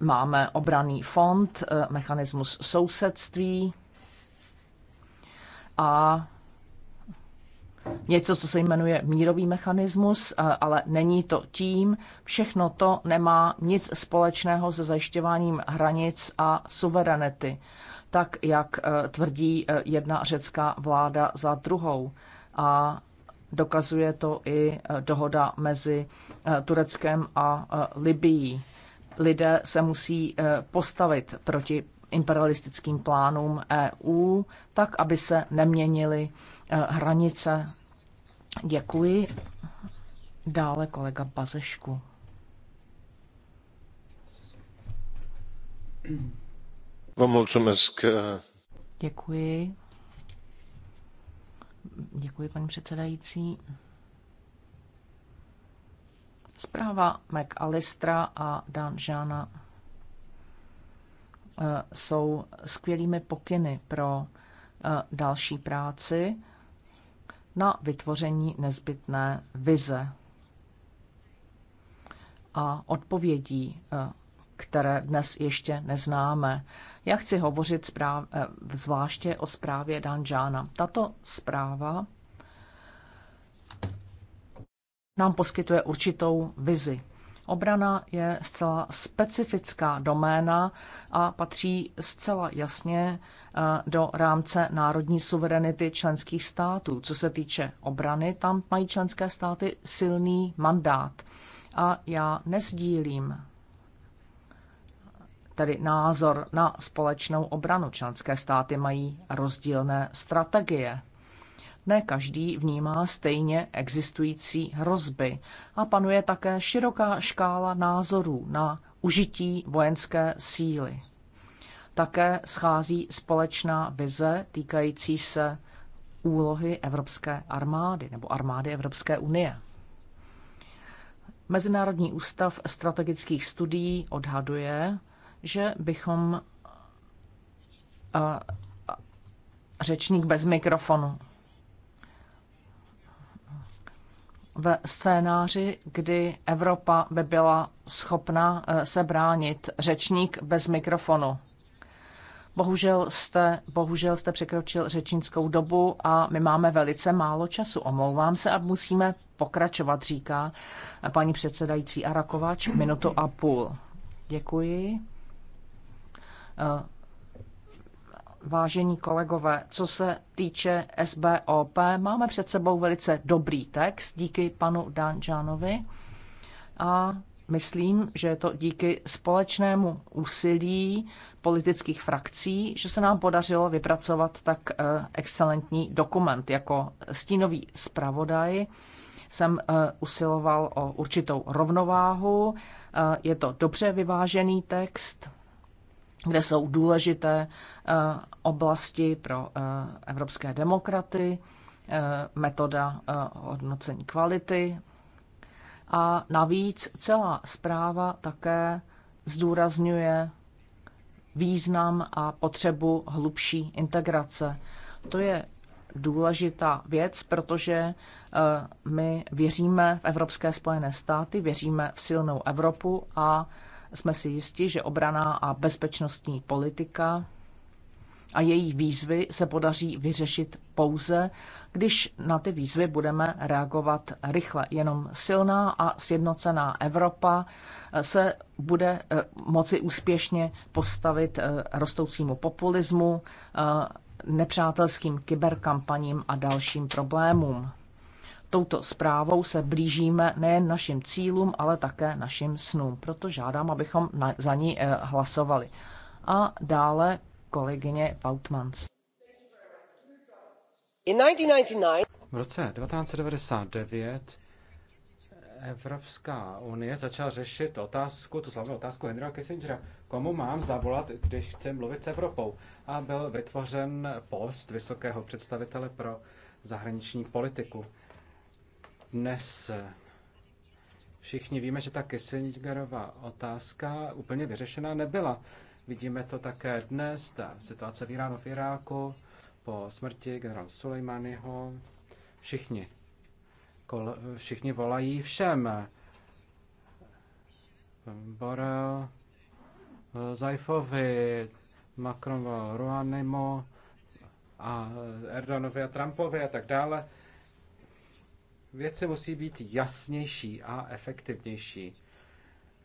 máme obraný fond, eh, mechanismus sousedství a něco, co se jmenuje mírový mechanismus, ale není to tím. Všechno to nemá nic společného se zajišťováním hranic a suverenity tak jak eh, tvrdí eh, jedna řecká vláda za druhou. A dokazuje to i eh, dohoda mezi Tureckem a Libií. Lidé se musí postavit proti imperialistickým plánům EU, tak, aby se neměnily hranice. Děkuji. Dále kolega Bazešku. Mm-hmm. Děkuji. Děkuji, paní předsedající. Zpráva McAllistera a Dan Žána eh, jsou skvělými pokyny pro eh, další práci na vytvoření nezbytné vize a odpovědí eh, které dnes ještě neznáme. Já chci hovořit zpráv, eh, zvláště o zprávě Danžána. Tato zpráva nám poskytuje určitou vizi. Obrana je zcela specifická doména a patří zcela jasně eh, do rámce národní suverenity členských států. Co se týče obrany, tam mají členské státy silný mandát. A já nezdílím tedy názor na společnou obranu. Členské státy mají rozdílné strategie. Ne každý vnímá stejně existující hrozby a panuje také široká škála názorů na užití vojenské síly. Také schází společná vize týkající se úlohy Evropské armády nebo armády Evropské unie. Mezinárodní ústav strategických studií odhaduje, že bychom řečník bez mikrofonu. Ve scénáři, kdy Evropa by byla schopna e, se bránit, řečník bez mikrofonu. Bohužel jste, bohužel jste překročil řečnickou dobu a my máme velice málo času. Omlouvám se a musíme pokračovat, říká paní předsedající Arakovač, minutu a půl. Děkuji. Eh, vážení kolegové, co se týče SBOP, máme před sebou velice dobrý text díky panu Danžánovi a myslím, že je to díky společnému úsilí politických frakcí, že se nám podařilo vypracovat tak eh, excelentní dokument. Jako stínový zpravodaj jsem eh, usiloval o určitou rovnováhu. Je to dobře vyvážený text, kde jsou důležité eh, oblasti pro eh, evropské demokraty, eh, metoda hodnocení kvality. A navíc celá zpráva také zdůrazňuje význam a potřebu hlubší integrace. To je důležitá věc, protože my věříme v Evropské spojené státy, věříme v silnou Evropu a jsme si jisti, že obraná a bezpečnostní politika a její výzvy se podaří vyřešit pouze, když na ty výzvy budeme reagovat rychle. Jenom silná a sjednocená Evropa eh, se bude eh, moci úspěšně postavit eh, rostoucímu populismu, nepřátelským kyberkampaním a dalším problémům touto zprávou se blížíme nejen našim cílům, ale také našim snům. Proto žádám, abychom na, za ní eh, hlasovali. A dále kolegyně Vautmans. V roce 1999 Evropská unie začala řešit otázku, tu slavnou otázku Henryho Kissingera, komu mám zavolat, když chci mluvit s Evropou. A byl vytvořen post vysokého představitele pro zahraniční politiku. Dnes všichni víme, že ta Kissingerova otázka úplně vyřešená nebyla. Vidíme to také dnes, ta situace v Iránu, v Iráku, po smrti generála Sulejmaniho. Všichni, kol, všichni volají všem. Borel, Zajfovi, Macron, Ruanimo a Erdoganovi a Trumpovi a tak dále věci musí být jasnější a efektivnější.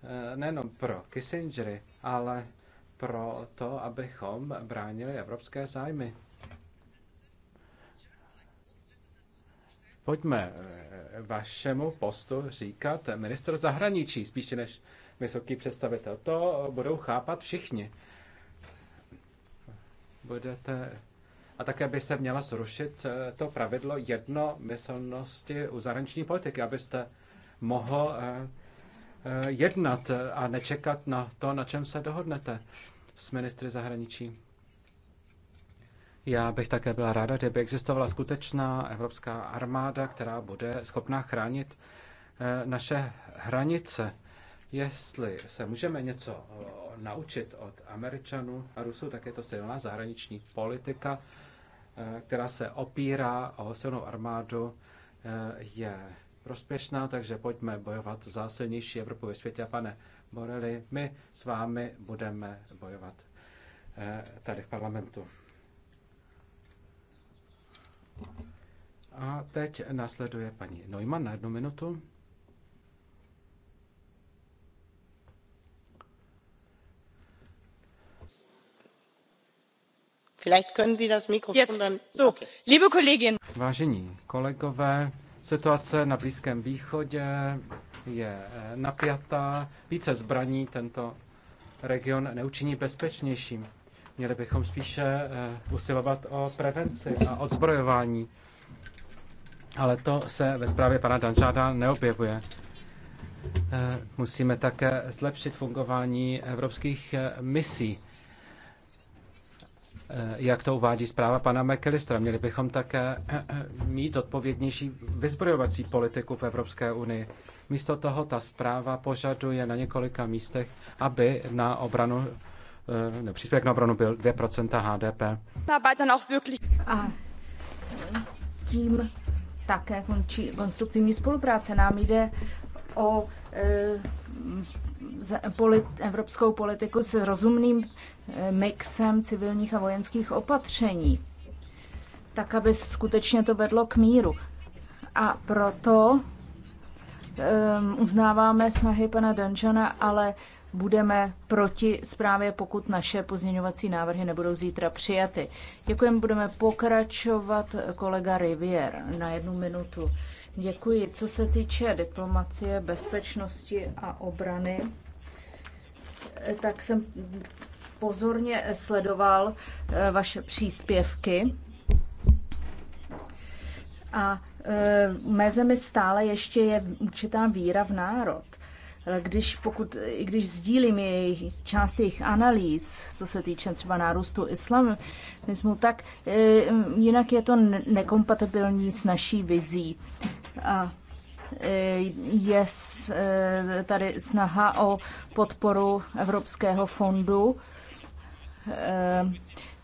Eh, nejenom pro Kissingery, ale pro to, abychom bránili evropské zájmy. Pojďme eh, vašemu postu říkat minister zahraničí, spíše než vysoký představitel. To budou chápat všichni. Budete a také by se měla zrušit eh, to pravidlo jednomyslnosti u zahraniční politiky, abyste mohl eh, eh, jednat a nečekat na to, na čem se dohodnete s ministry zahraničí. Já bych také byla ráda, kdyby existovala skutečná evropská armáda, která bude schopná chránit naše hranice. Jestli se můžeme něco naučit od Američanů a Rusů, tak je to silná zahraniční politika, Eh, která se opírá o silnou armádu, eh, je prospěšná, takže pojďme bojovat za silnější Evropu ve světě. A pane Boreli, my s vámi budeme bojovat eh, tady v parlamentu. A teď následuje paní Neumann na jednu minutu. Vážení kolegové, situace na Blízkém východě je eh, napjatá. Více zbraní tento region neučiní bezpečnějším. Měli bychom spíše eh, usilovat o prevenci a odzbrojování. Ale to se ve zprávě pana Danžáda neobjevuje. Eh, musíme také zlepšit fungování evropských misí Eh, jak to uvádí zpráva pana McAllistera. Měli bychom také eh, mít odpovědnější vyzbrojovací politiku v Evropské unii. Místo toho ta zpráva požaduje na několika místech, aby na obranu eh, ne, příspěvek na obranu byl 2% HDP. A tím také končí konstruktivní spolupráce. Nám jde o e, polit, evropskou politiku s rozumným eh, mixem civilních a vojenských opatření, tak aby skutečně to vedlo k míru. A proto um, uznáváme snahy pana Danžana, ale budeme proti zprávě, pokud naše pozměňovací návrhy nebudou zítra přijaty. Děkujeme, budeme pokračovat kolega Rivier na jednu minutu. Děkuji. Co se týče diplomacie, bezpečnosti a obrany, tak jsem pozorně sledoval eh, vaše příspěvky. A eh, mezi mi stále ještě je určitá víra v národ. Ale když, pokud, i když sdílím jejich, část jejich analýz, co se týče třeba nárůstu islamismu, tak eh, jinak je to nekompatibilní s naší vizí a e, je e, tady snaha o podporu Evropského fondu e,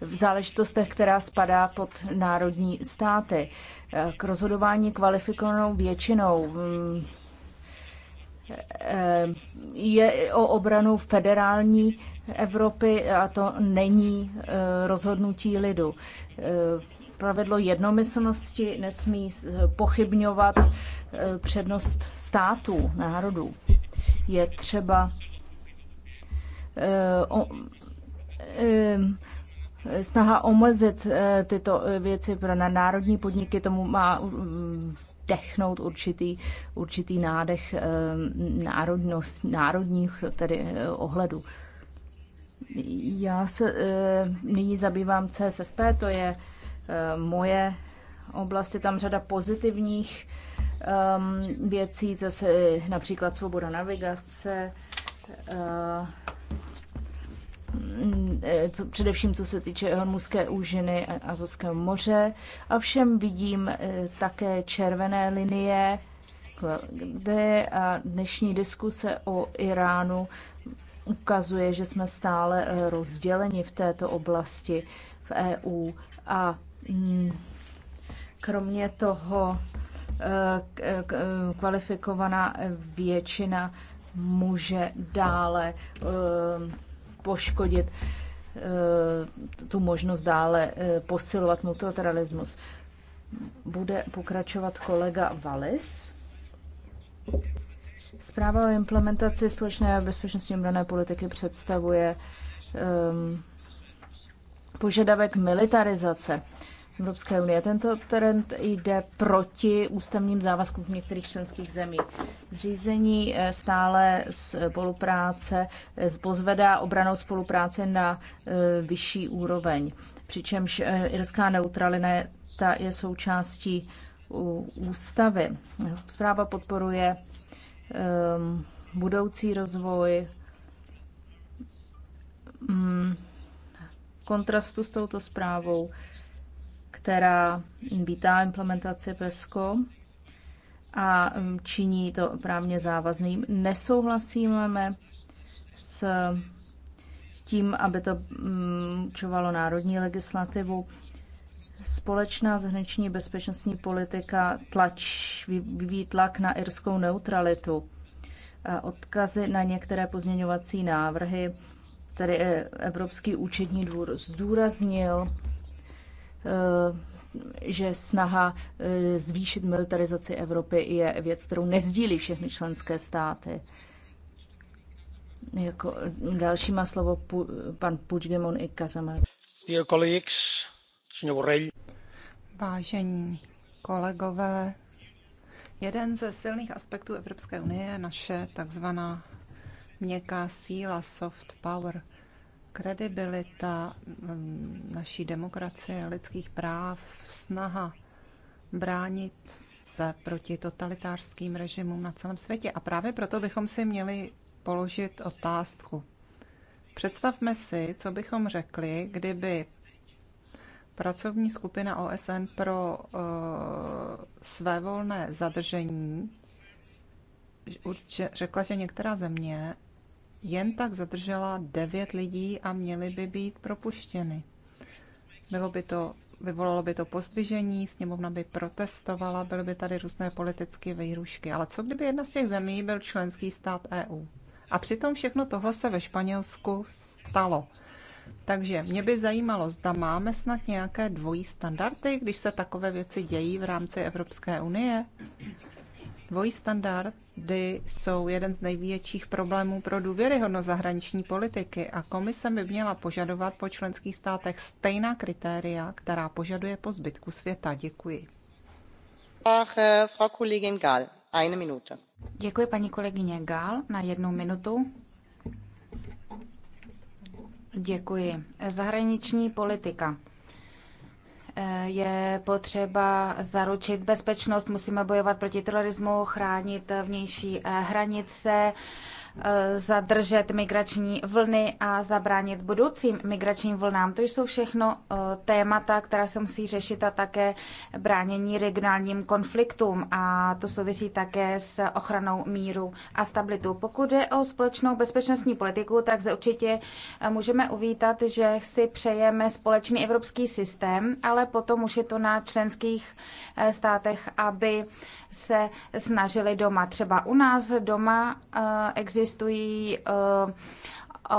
v záležitostech, která spadá pod národní státy. K rozhodování kvalifikovanou většinou mm, je o obranu federální Evropy a to není rozhodnutí lidu pravidlo jednomyslnosti nesmí eh, pochybňovat eh, přednost států, národů. Je třeba eh, snaha omezit tyto věci pro národní podniky, tomu má dechnout určitý, určitý nádech národnost, národních tedy ohledů. Já se nyní zabývám CSFP, to je Eh, moje oblast je tam řada pozitivních um, věcí, zase například svoboda navigace, uh, co, především co se týče Hormuzské úžiny a Azovského moře. A všem vidím uh, také červené linie, kde a dnešní diskuse o Iránu ukazuje, že jsme stále rozděleni v této oblasti v EU a Kromě toho eh, eh, kvalifikovaná většina může dále eh, poškodit tu možnost dále posilovat multilateralismus. Bude pokračovat kolega Valis. Zpráva o implementaci společné bezpečnostní obrané politiky představuje um, požadavek militarizace Evropské unie. Tento trend jde proti ústavním závazkům v některých členských zemí. Zřízení eh, stále eh, spolupráce eh, pozvedá obranou spolupráce na vyšší úroveň, přičemž irská neutralita je součástí ústavy. Zpráva podporuje ehm, budoucí rozvoj mm, kontrastu s touto zprávou která vítá implementaci PESCO a um, činí to právně závazným. Nesouhlasíme s tím, aby to um, čovalo národní legislativu. Společná zahraniční bezpečnostní politika tlač, vyvíjí tlak na irskou neutralitu. A odkazy na některé pozměňovací návrhy, které eh, Evropský účetní dvůr zdůraznil, Eh, že snaha eh, zvýšit militarizaci Evropy je věc, kterou nezdílí všechny členské státy. Jako eh, další má slovo pan Puigdemont i Kazamar. Vážení kolegové, jeden ze silných aspektů Evropské unie je naše takzvaná měkká síla, soft power – kredibilita mm, naší demokracie, lidských práv, snaha bránit se proti totalitářským režimům na celém světě. A právě proto bychom si měli položit otázku. Představme si, co bychom řekli, kdyby pracovní skupina OSN pro uh, volné zadržení řekla, že některá země jen tak zadržela devět lidí a měli by být propuštěny. Bylo by to, vyvolalo by to pozdvižení, sněmovna by protestovala, byly by tady různé politické vejrušky. Ale co kdyby jedna z těch zemí byl členský stát EU? A přitom všechno tohle se ve Španělsku stalo. Takže mě by zajímalo, zda máme snad nějaké dvojí standardy, když se takové věci dějí v rámci Evropské unie. Dvojí standardy jsou jeden z největších problémů pro důvěryhodnost zahraniční politiky a komise by měla požadovat po členských státech stejná kritéria, která požaduje po zbytku světa. Děkuji. Děkuji paní kolegyně Gál na jednu minutu. Děkuji. Zahraniční politika. Eh, je potřeba zaručit bezpečnost, musíme bojovat proti terorismu, chránit vnější eh, hranice, zadržet migrační vlny a zabránit budoucím migračním vlnám. To jsou všechno eh, témata, která se musí řešit a také bránění regionálním konfliktům a to souvisí také s ochranou míru a stabilitu. Pokud je o společnou bezpečnostní politiku, tak se určitě eh, můžeme uvítat, že si přejeme společný evropský systém, ale potom už je to na členských eh, státech, aby se snažili doma. Třeba u nás doma existuje existují eh,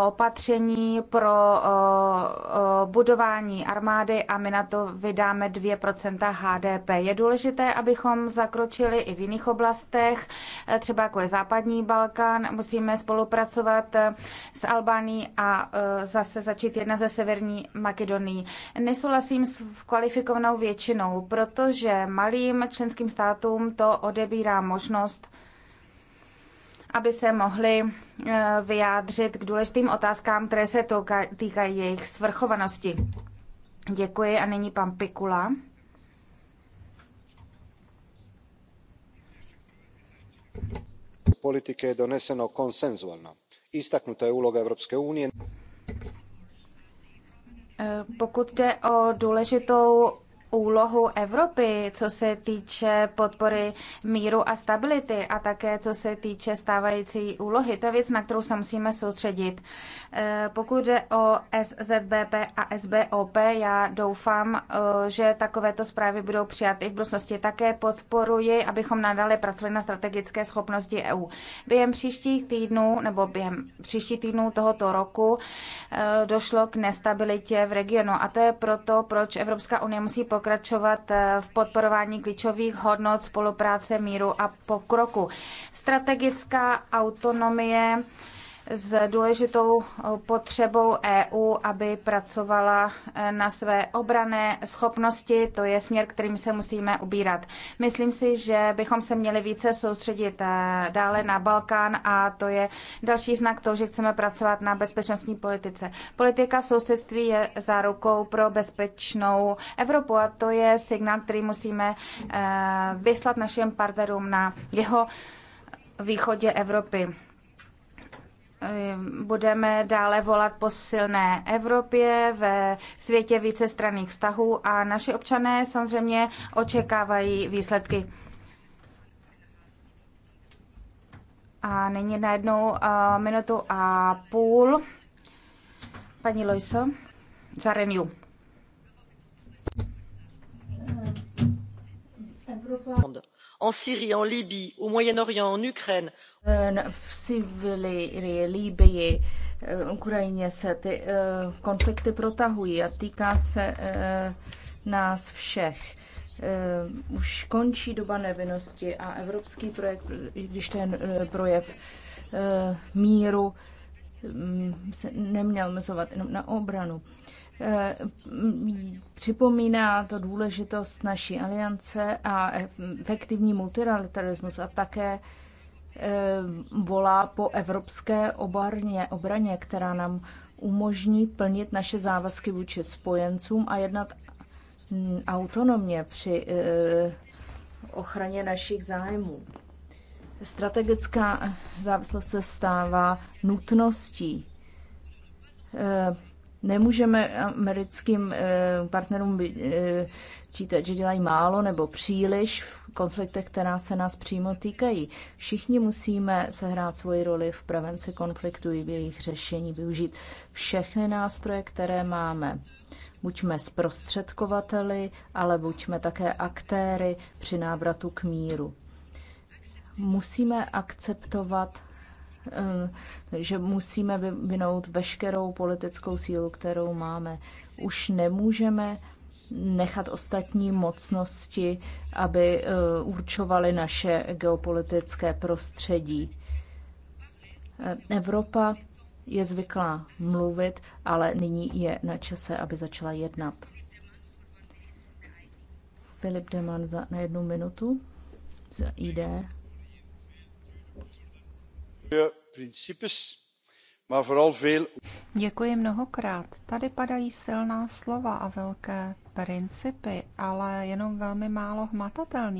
opatření pro eh, budování armády a my na to vydáme 2% HDP. Je důležité, abychom zakročili i v jiných oblastech, eh, třeba jako je západní Balkán. Musíme spolupracovat s Albánií a zase začít jedna ze severní Makedonii. Nesouhlasím s kvalifikovanou většinou, protože malým členským státům to odebírá možnost aby se mohli eh, vyjádřit k důležitým otázkám, které se týkají jejich svrchovanosti. Děkuji a nyní pan Pikula. politike je doneseno konsenzuálně. Istaknuta je úloga Evropské unie. Eh, pokud jde o důležitou úlohu Evropy, co se týče podpory míru a stability a také co se týče stávající úlohy. To je věc, na kterou se musíme soustředit. Eh, pokud jde o SZBP a SBOP, já doufám, eh, že takovéto zprávy budou přijaty v budoucnosti. Také podporuji, abychom nadále pracovali na strategické schopnosti EU. Během příštích týdnů nebo během příští týdnů tohoto roku eh, došlo k nestabilitě v regionu a to je proto, proč Evropská unie musí pokračovat pokračovat eh, v podporování klíčových hodnot spolupráce míru a pokroku. Strategická autonomie s důležitou eh, potřebou EU, aby pracovala eh, na své obrané schopnosti. To je směr, kterým se musíme ubírat. Myslím si, že bychom se měli více soustředit eh, dále na Balkán a to je další znak toho, že chceme pracovat na bezpečnostní politice. Politika sousedství je zárukou pro bezpečnou Evropu a to je signál, který musíme vyslat našim partnerům na jeho východě Evropy. Ehm, budeme dále volat po silné Evropě ve světě vícestranných vztahů a naši občané samozřejmě očekávají výsledky. A nyní jednu uh, minutu a půl. Paní Lojso, za Renew. Evropa. En Syrie, en Libye, au Moyen-Orient, en Ukraine, Eh, v Syrii, Líbii, eh, Ukrajině se ty eh, konflikty protahují a týká se nás všech. Už končí doba nevinnosti a evropský projekt, když ten projev míru mm, se neměl mezovat jenom na obranu. Připomíná to důležitost naší aliance a efektivní multilateralismus a také Eh, volá po evropské obarně, obraně, která nám umožní plnit naše závazky vůči spojencům a jednat hm, autonomně při eh, ochraně našich zájmů. Strategická závislost se stává nutností. Eh, nemůžeme americkým partnerům čítat, že dělají málo nebo příliš v konfliktech, která se nás přímo týkají. Všichni musíme sehrát svoji roli v prevenci konfliktu i v jejich řešení, využít všechny nástroje, které máme. Buďme zprostředkovateli, ale buďme také aktéry při návratu k míru. Musíme akceptovat eh, že musíme vyvinout veškerou politickou sílu, kterou máme. Už nemůžeme nechat ostatní mocnosti, aby eh, určovaly naše geopolitické prostředí. Eh, Evropa je zvyklá mluvit, ale nyní je na čase, aby začala jednat. Filip Deman za, na jednu minutu za ID. Děkuji mnohokrát. Tady padají silná slova a velké principy, ale jenom velmi málo hmatatelných